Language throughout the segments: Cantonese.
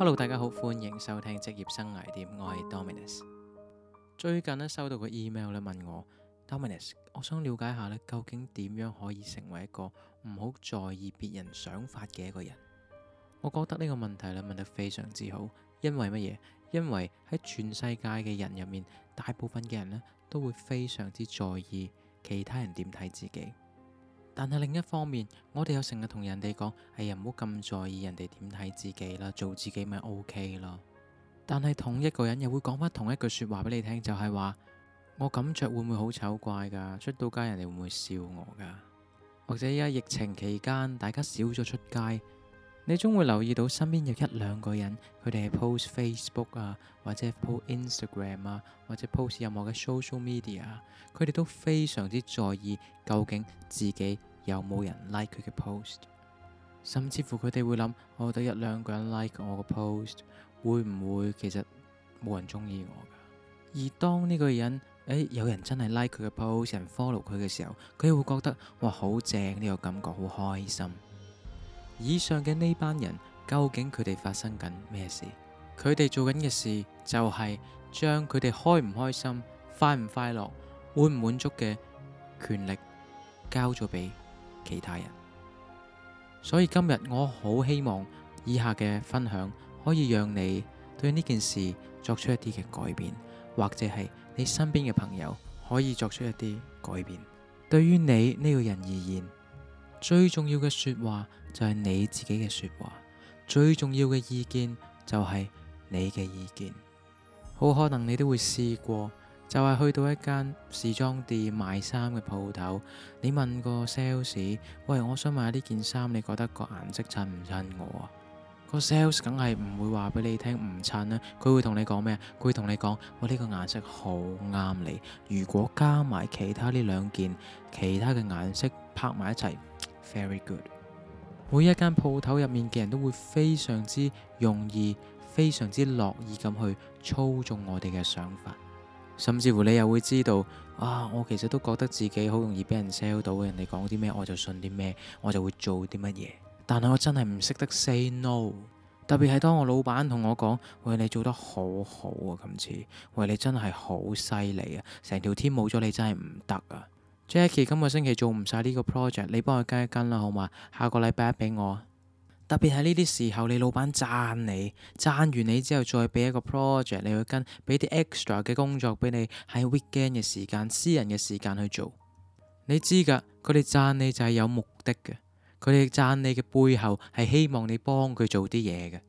hello，大家好，歡迎收聽職業生涯點。我係 Dominus。最近咧收到個 email 咧，問我 Dominus，我想了解下咧究竟點樣可以成為一個唔好在意別人想法嘅一個人？我覺得呢個問題咧問得非常之好，因為乜嘢？因為喺全世界嘅人入面，大部分嘅人咧都會非常之在意其他人點睇自己。但係另一方面，我哋又成日同人哋講，哎呀，唔好咁在意人哋點睇自己啦，做自己咪 O K 咯。但係同一個人又會講翻同一句說話俾你聽，就係話我咁着，會唔會好醜怪噶出到街人哋會唔會笑我噶或者而家疫情期間，大家少咗出街，你總會留意到身邊有一兩個人，佢哋係 post Facebook 啊，或者 post Instagram 啊，或者 post 任何嘅 social media，佢哋都非常之在意究竟自己有冇人 like 佢嘅 post，甚至乎佢哋會諗：我得一兩個人 like 我個 post，會唔會其實冇人中意我？而當呢個人，誒、哎，有人真係 like 佢嘅 post，人 follow 佢嘅時候，佢會覺得：哇，好正！呢、這個感覺好開心。以上嘅呢班人，究竟佢哋發生緊咩事？佢哋做緊嘅事就係將佢哋開唔開心、快唔快樂、滿唔滿足嘅權力交咗俾。其他人，所以今日我好希望以下嘅分享可以讓你對呢件事作出一啲嘅改變，或者係你身邊嘅朋友可以作出一啲改變。對於你呢個人而言，最重要嘅說話就係你自己嘅說話，最重要嘅意見就係你嘅意見。好可能你都會試過。就係去到一間時裝店賣衫嘅鋪頭，你問個 sales，喂，我想買呢件衫，你覺得個顏色襯唔襯我啊？個 sales 梗係唔會話俾你聽唔襯啦。佢會同你講咩？佢會同你講，我呢個顏色好啱你。如果加埋其他呢兩件其他嘅顏色拍埋一齊，very good。每一間鋪頭入面嘅人都會非常之容易、非常之樂意咁去操縱我哋嘅想法。甚至乎你又會知道啊，我其實都覺得自己好容易俾人 sell 到嘅，人哋講啲咩我就信啲咩，我就會做啲乜嘢。但係我真係唔識得 say no，特別係當我老闆同我講：喂，你做得好好啊，今次喂，你真係好犀利啊，成條 team 冇咗你真係唔得啊。Jackie 今個星期做唔晒呢個 project，你幫我跟一跟啦，好嘛？下個禮拜一俾我。特別係呢啲時候，你老闆讚你，讚完你之後再俾一個 project 你去跟，俾啲 extra 嘅工作俾你喺 weekend 嘅時間、私人嘅時間去做。你知㗎，佢哋讚你就係有目的嘅，佢哋讚你嘅背後係希望你幫佢做啲嘢嘅。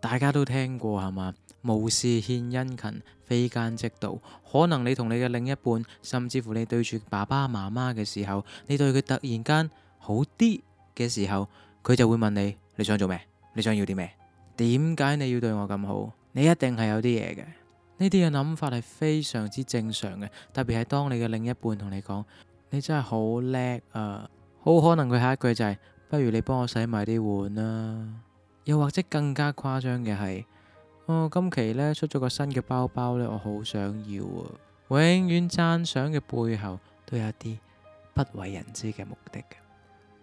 大家都聽過係嘛？無事獻殷勤，非奸即盜。可能你同你嘅另一半，甚至乎你對住爸爸媽媽嘅時候，你對佢突然間好啲嘅時候，佢就會問你。你想做咩？你想要啲咩？點解你要對我咁好？你一定係有啲嘢嘅。呢啲嘅諗法係非常之正常嘅，特別係當你嘅另一半同你講，你真係好叻啊！好可能佢下一句就係、是、「不如你幫我洗埋啲碗啊！」又或者更加誇張嘅係，我、哦、今期呢出咗個新嘅包包呢，我好想要啊！永遠讚賞嘅背後都有一啲不為人知嘅目的，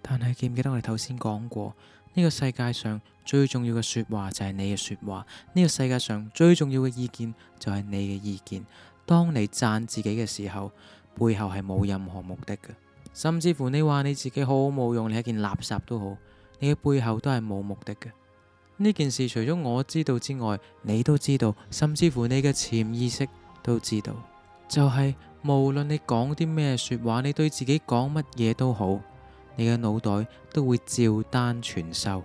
但係記唔記得我哋頭先講過？呢個世界上最重要嘅說話就係你嘅說話，呢、這個世界上最重要嘅意見就係你嘅意見。當你讚自己嘅時候，背後係冇任何目的嘅，甚至乎你話你自己好冇用，你係件垃圾都好，你嘅背後都係冇目的嘅。呢件事除咗我知道之外，你都知道，甚至乎你嘅潛意識都知道。就係、是、無論你講啲咩說話，你對自己講乜嘢都好。你嘅腦袋都會照單全收，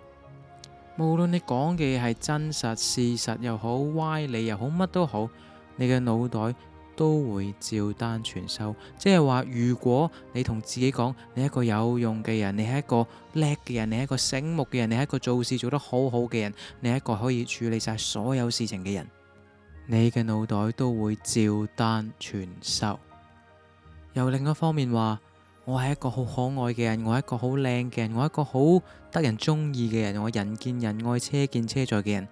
無論你講嘅嘢係真實事實又好，歪理又好，乜都好，你嘅腦袋都會照單全收。即係話，如果你同自己講你係一個有用嘅人，你係一個叻嘅人，你係一個醒目嘅人，你係一個做事做得好好嘅人，你係一個可以處理晒所有事情嘅人，你嘅腦袋都會照單全收。又另一方面話。我係一個好可愛嘅人，我係一個好靚嘅人，我係一個好得人中意嘅人，我人見人愛，車見車載嘅人。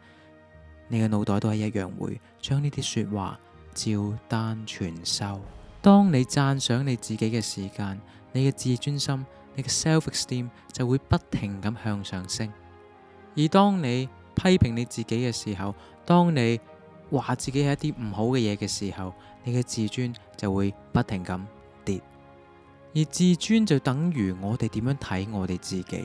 你嘅腦袋都係一樣會將呢啲說話照單全收。當你贊賞你自己嘅時間，你嘅自尊心，你嘅 self-esteem 就會不停咁向上升；而當你批評你自己嘅時候，當你話自己係一啲唔好嘅嘢嘅時候，你嘅自尊就會不停咁跌。而自尊就等於我哋點樣睇我哋自己，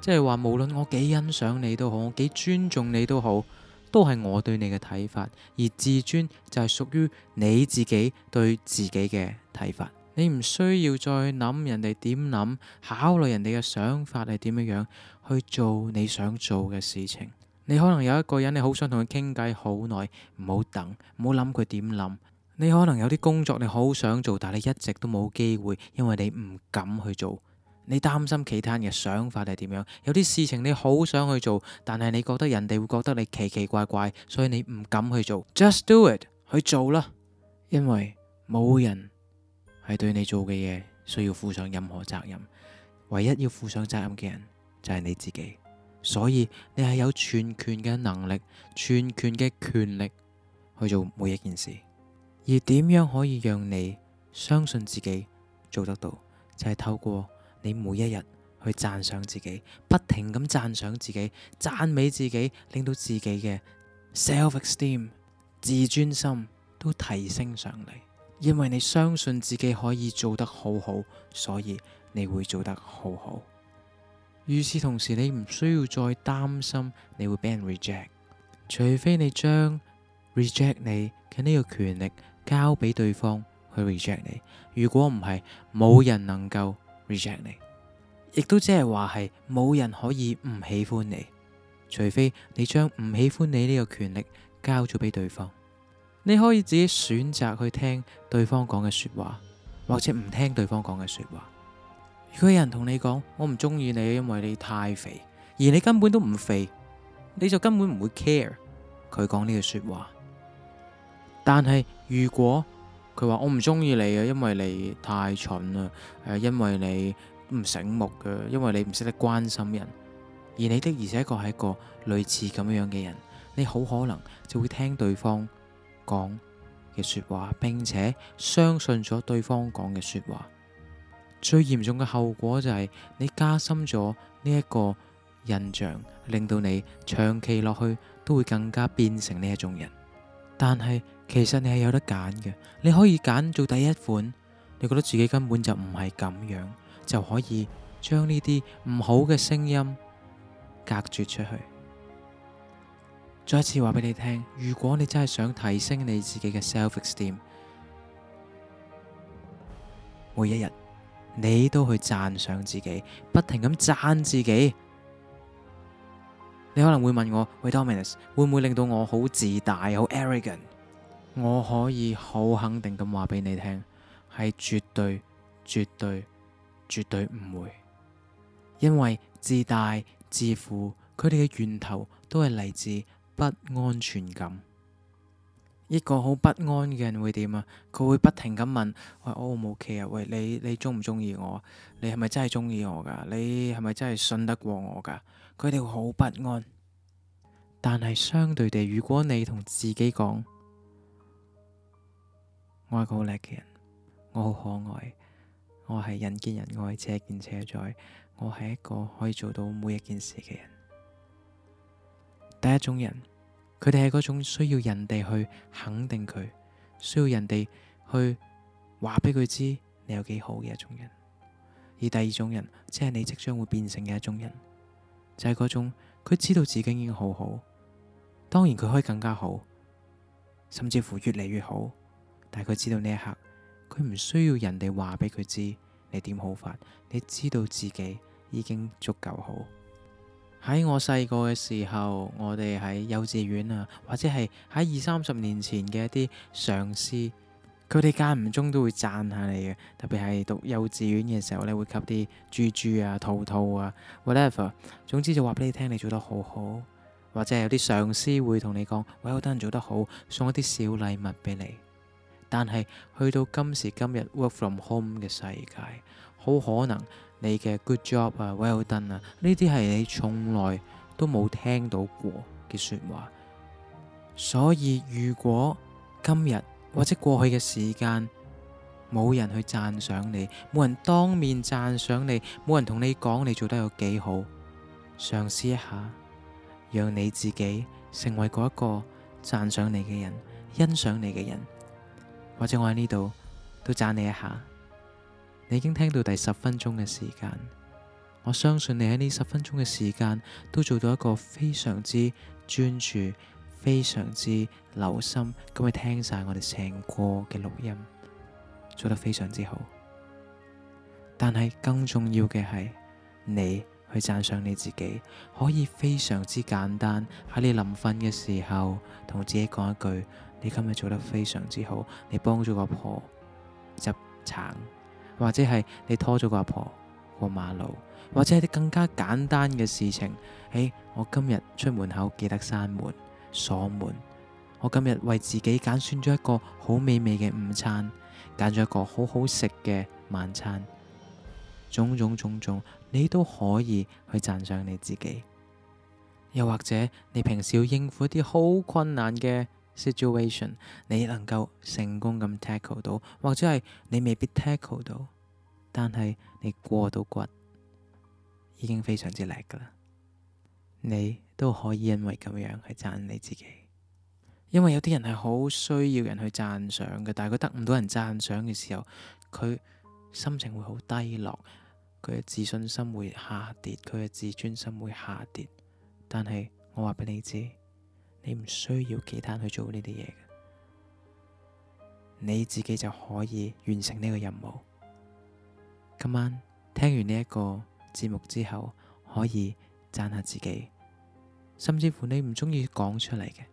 即係話無論我幾欣賞你都好，我幾尊重你都好，都係我對你嘅睇法。而自尊就係屬於你自己對自己嘅睇法，你唔需要再諗人哋點諗，考慮人哋嘅想法係點樣樣去做你想做嘅事情。你可能有一個人你，你好想同佢傾偈好耐，唔好等，唔好諗佢點諗。你可能有啲工作，你好想做，但係你一直都冇機會，因為你唔敢去做，你擔心其他人嘅想法係點樣？有啲事情你好想去做，但係你覺得人哋會覺得你奇奇怪怪怪，所以你唔敢去做。Just do it，去做啦，因為冇人係對你做嘅嘢需要負上任何責任，唯一要負上責任嘅人就係你自己，所以你係有全權嘅能力、全權嘅權力去做每一件事。而點樣可以讓你相信自己做得到，就係、是、透過你每一日去讚賞自己，不停咁讚賞自己，讚美自己，令到自己嘅 self-esteem 自尊心都提升上嚟。因為你相信自己可以做得好好，所以你會做得好好。與此同時，你唔需要再擔心你會被人 reject，除非你將 reject 你嘅呢個權力。交俾對方去 reject 你，如果唔係，冇人能夠 reject 你，亦都即係話係冇人可以唔喜歡你，除非你將唔喜歡你呢個權力交咗俾對方。你可以自己選擇去聽對方講嘅說話，或者唔聽對方講嘅說話。如果有人同你講，我唔中意你，因為你太肥，而你根本都唔肥，你就根本唔會 care 佢講呢句說話。但係。如果佢話我唔中意你嘅，因為你太蠢啦，因為你唔醒目嘅，因為你唔識得關心人，而你的而且確係一個類似咁樣嘅人，你好可能就會聽對方講嘅說話，並且相信咗對方講嘅說話。最嚴重嘅後果就係你加深咗呢一個印象，令到你長期落去都會更加變成呢一種人。但係其實你係有得揀嘅，你可以揀做第一款，你覺得自己根本就唔係咁樣，就可以將呢啲唔好嘅聲音隔絕出去。再一次話俾你聽，如果你真係想提升你自己嘅 self-esteem，每一日你都去讚賞自己，不停咁讚自己。你可能會問我，Wait 喂 Dominus，會唔會令到我好自大、好 arrogant？我可以好肯定咁話俾你聽，係絕對、絕對、絕對唔會，因為自大、自負，佢哋嘅源頭都係嚟自不安全感。一個好不安嘅人會點啊？佢會不停咁問：喂，我 O 唔 O K 啊？喂，你你中唔中意我？你係咪真係中意我噶？你係咪真係信得過我噶？佢哋會好不安。但係相對地，如果你同自己講：我係個好叻嘅人，我好可愛，我係人見人愛、車見車載，我係一個可以做到每一件事嘅人。第一種人。佢哋係嗰種需要人哋去肯定佢，需要人哋去話俾佢知你有幾好嘅一種人。而第二種人，即係你即將會變成嘅一種人，就係嗰種佢知道自己已經好好，當然佢可以更加好，甚至乎越嚟越好。但係佢知道呢一刻，佢唔需要人哋話俾佢知你點好法，你知道自己已經足夠好。喺我細個嘅時候，我哋喺幼稚園啊，或者係喺二三十年前嘅一啲上司，佢哋間唔中都會讚下你嘅，特別係讀幼稚園嘅時候咧，你會給啲豬豬啊、兔兔啊，whatever，總之就話俾你聽你做得好好，或者係有啲上司會同你講，喂，有單做得好，送一啲小禮物俾你。但係去到今時今日 work from home 嘅世界，好可能你嘅 good job 啊，well done 啊，呢啲係你從來都冇聽到過嘅說話。所以如果今日或者過去嘅時間冇人去讚賞你，冇人當面讚賞你，冇人同你講你做得有幾好，嘗試一下，讓你自己成為嗰一個讚賞你嘅人，欣賞你嘅人，或者我喺呢度都讚你一下。你已經聽到第十分鐘嘅時間，我相信你喺呢十分鐘嘅時間都做到一個非常之專注、非常之留心咁去聽晒我哋成個嘅錄音，做得非常之好。但係更重要嘅係你去讚賞你自己，可以非常之簡單喺你臨瞓嘅時候同自己講一句：你今日做得非常之好，你幫咗個婆執橙。或者係你拖咗個阿婆過馬路，或者係啲更加簡單嘅事情。誒，我今日出門口記得閂門鎖門。我今日為自己揀選咗一個好美味嘅午餐，揀咗一個好好食嘅晚餐。種種種種，你都可以去讚賞你自己。又或者你平時要應付一啲好困難嘅。Situation 你能夠成功咁 tackle 到，或者係你未必 tackle 到，但係你過到骨已經非常之叻噶啦，你都可以因為咁樣去讚你自己。因為有啲人係好需要人去讚賞嘅，但係佢得唔到人讚賞嘅時候，佢心情會好低落，佢嘅自信心會下跌，佢嘅自尊心會下跌。但係我話俾你知。你唔需要其他人去做呢啲嘢嘅，你自己就可以完成呢個任務。今晚聽完呢一個節目之後，可以讚下自己，甚至乎你唔中意講出嚟嘅，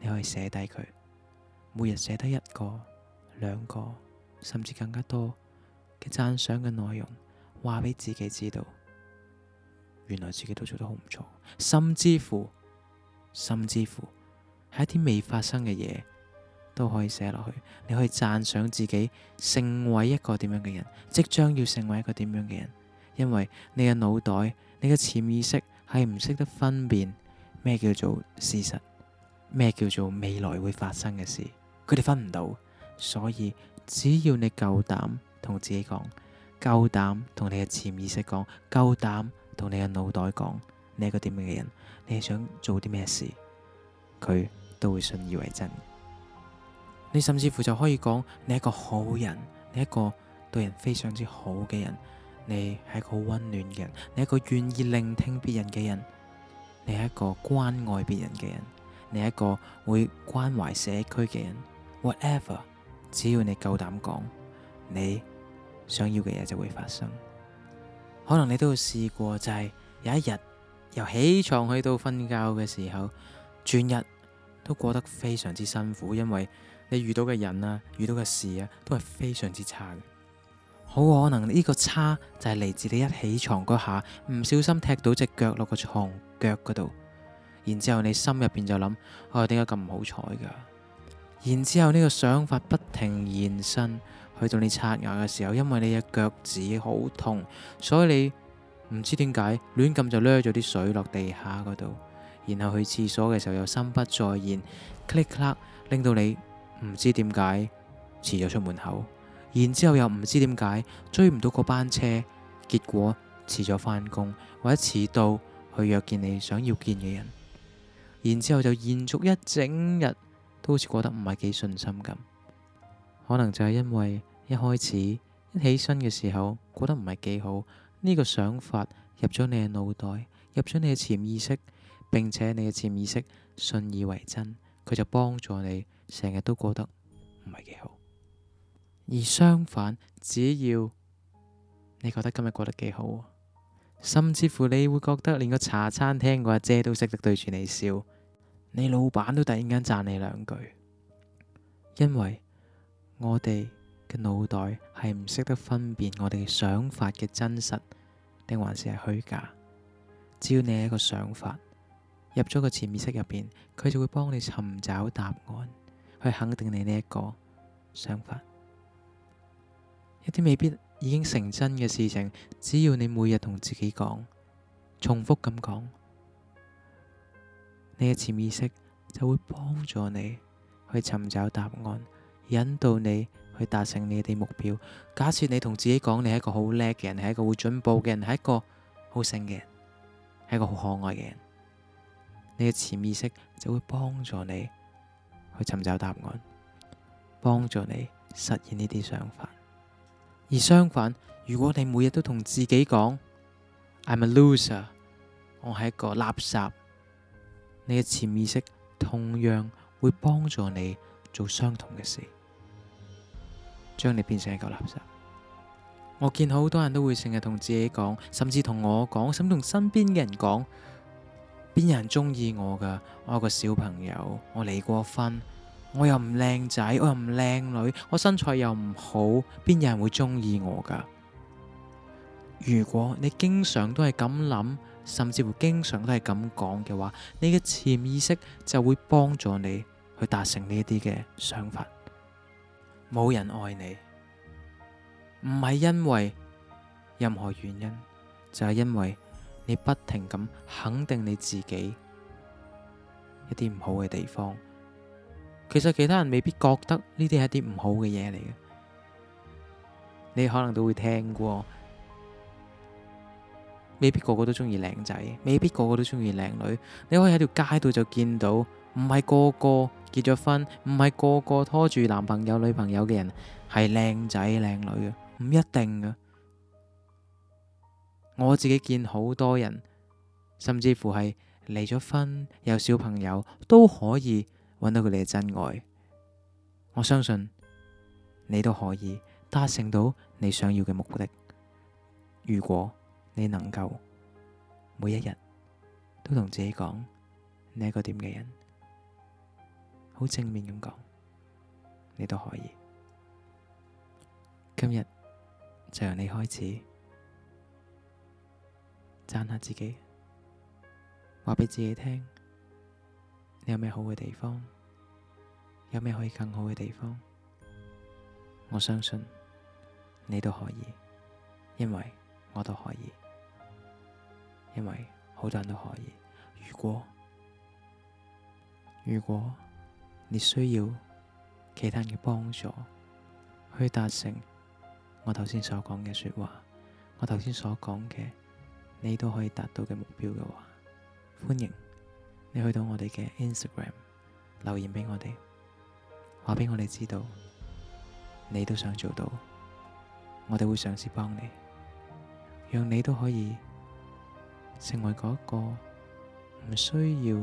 你可以寫低佢，每日寫低一個、兩個，甚至更加多嘅讚賞嘅內容，話俾自己知道，原來自己都做得好唔錯，甚至乎。甚至乎係一啲未發生嘅嘢都可以寫落去。你可以讚賞自己，成為一個點樣嘅人，即將要成為一個點樣嘅人。因為你嘅腦袋、你嘅潛意識係唔識得分辨咩叫做事實，咩叫做未來會發生嘅事，佢哋分唔到。所以只要你夠膽同自己講，夠膽同你嘅潛意識講，夠膽同你嘅腦袋講。你係一個點樣嘅人？你係想做啲咩事？佢都會信以為真。你甚至乎就可以講你係一個好人，你係一個對人非常之好嘅人，你係一個好溫暖嘅人，你係一個願意聆聽別人嘅人，你係一個關愛別人嘅人，你係一個會關懷社區嘅人。Whatever，只要你夠膽講，你想要嘅嘢就會發生。可能你都會試過，就係有一日。由起床去到瞓覺嘅時候，轉日都過得非常之辛苦，因為你遇到嘅人啊，遇到嘅事啊，都係非常之差嘅。好可能呢個差就係嚟自你一起床嗰下，唔小心踢到隻腳落個床腳嗰度，然之後你心入邊就諗：我點解咁唔好彩噶？然之後呢個想法不停延伸去到你刷牙嘅時候，因為你隻腳趾好痛，所以你。唔知點解亂咁就掠咗啲水落地下嗰度，然後去廁所嘅時候又心不在焉，click click 令到你唔知點解遲咗出門口，然之後又唔知點解追唔到嗰班車，結果遲咗返工或者遲到去約見你想要見嘅人，然之後就延續一整日都好似過得唔係幾順心咁，可能就係因為一開始一起身嘅時候過得唔係幾好。呢個想法入咗你嘅腦袋，入咗你嘅潛意識，並且你嘅潛意識信以為真，佢就幫助你成日都過得唔係幾好。而相反，只要你覺得今日過得幾好，甚至乎你會覺得連個茶餐廳個阿姐都識得對住你笑，你老闆都突然間讚你兩句，因為我哋。嘅腦袋係唔識得分辨我哋嘅想法嘅真實，定還是係虛假？只要你係一個想法入咗個潛意識入邊，佢就會幫你尋找答案，去肯定你呢一個想法。一啲未必已經成真嘅事情，只要你每日同自己講，重複咁講，你嘅潛意識就會幫助你去尋找答案，引導你，去達成你嘅目標。假設你同自己講你係一個好叻嘅人，係一個會進步嘅人，係一個好醒嘅人，係一個好可愛嘅人，你嘅潛意識就會幫助你去尋找答案，幫助你實現呢啲想法。而相反，如果你每日都同自己講 I'm a loser，我係一個垃圾，你嘅潛意識同樣會幫助你做相同嘅事。將你變成一個垃圾。我見好多人都會成日同自己講，甚至同我講，甚至同身邊嘅人講，邊有人中意我噶？我有個小朋友，我離過婚，我又唔靚仔，我又唔靚女，我身材又唔好，邊有人會中意我噶？如果你經常都係咁諗，甚至乎經常都係咁講嘅話，你嘅潛意識就會幫助你去達成呢一啲嘅想法。冇人愛你，唔係因為任何原因，就係因為你不停咁肯定你自己一啲唔好嘅地方。其實其他人未必覺得呢啲係一啲唔好嘅嘢嚟嘅。你可能都會聽過，未必個個都中意靚仔，未必個個都中意靚女。你可以喺條街度就見到，唔係個個。結咗婚唔係個個拖住男朋友女朋友嘅人係靚仔靚女嘅，唔一定噶。我自己見好多人，甚至乎係離咗婚有小朋友都可以揾到佢哋嘅真愛。我相信你都可以達成到你想要嘅目的。如果你能夠每一日都同自己講你係一個點嘅人。好正面咁講，你都可以。今日就由你開始讚下自己，話畀自己聽，你有咩好嘅地方，有咩可以更好嘅地方。我相信你都可以，因為我都可以，因為好多人都可以。如果，如果，你需要其他人嘅幫助去達成我頭先所講嘅說話，我頭先所講嘅，你都可以達到嘅目標嘅話，歡迎你去到我哋嘅 Instagram 留言俾我哋，話俾我哋知道，你都想做到，我哋會嘗試幫你，讓你都可以成為嗰一個唔需要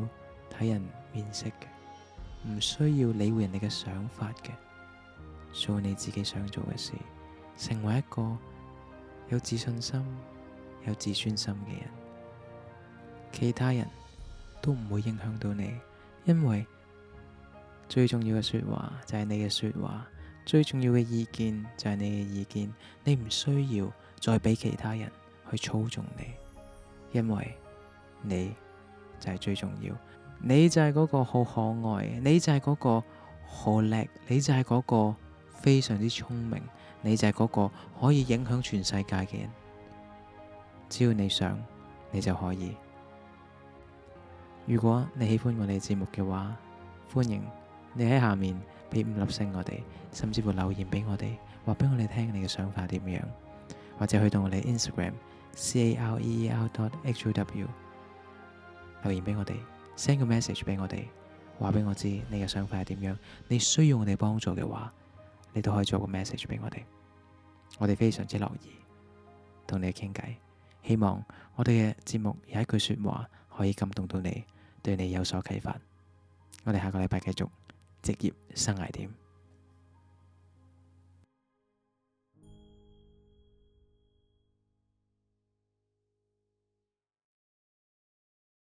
睇人面色嘅。唔需要理會人哋嘅想法嘅，做你自己想做嘅事，成為一個有自信心、有自尊心嘅人。其他人都唔會影響到你，因為最重要嘅說話就係你嘅說話，最重要嘅意見就係你嘅意見，你唔需要再俾其他人去操縱你，因為你就係最重要。你就係嗰個好可愛，你就係嗰個好叻，你就係嗰個非常之聰明，你就係嗰個可以影響全世界嘅人。只要你想，你就可以。如果你喜歡我哋節目嘅話，歡迎你喺下面俾五粒星我哋，甚至乎留言畀我哋，話俾我哋聽你嘅想法點樣，或者去到我哋 Instagram C A R E E R dot H O W 留言畀我哋。send 個 message 俾我哋，話俾我知你嘅想法係點樣，你需要我哋幫助嘅話，你都可以做個 message 俾我哋，我哋非常之樂意同你傾偈，希望我哋嘅節目有一句說話可以感動到你，對你有所啟發。我哋下個禮拜繼續職業生涯點。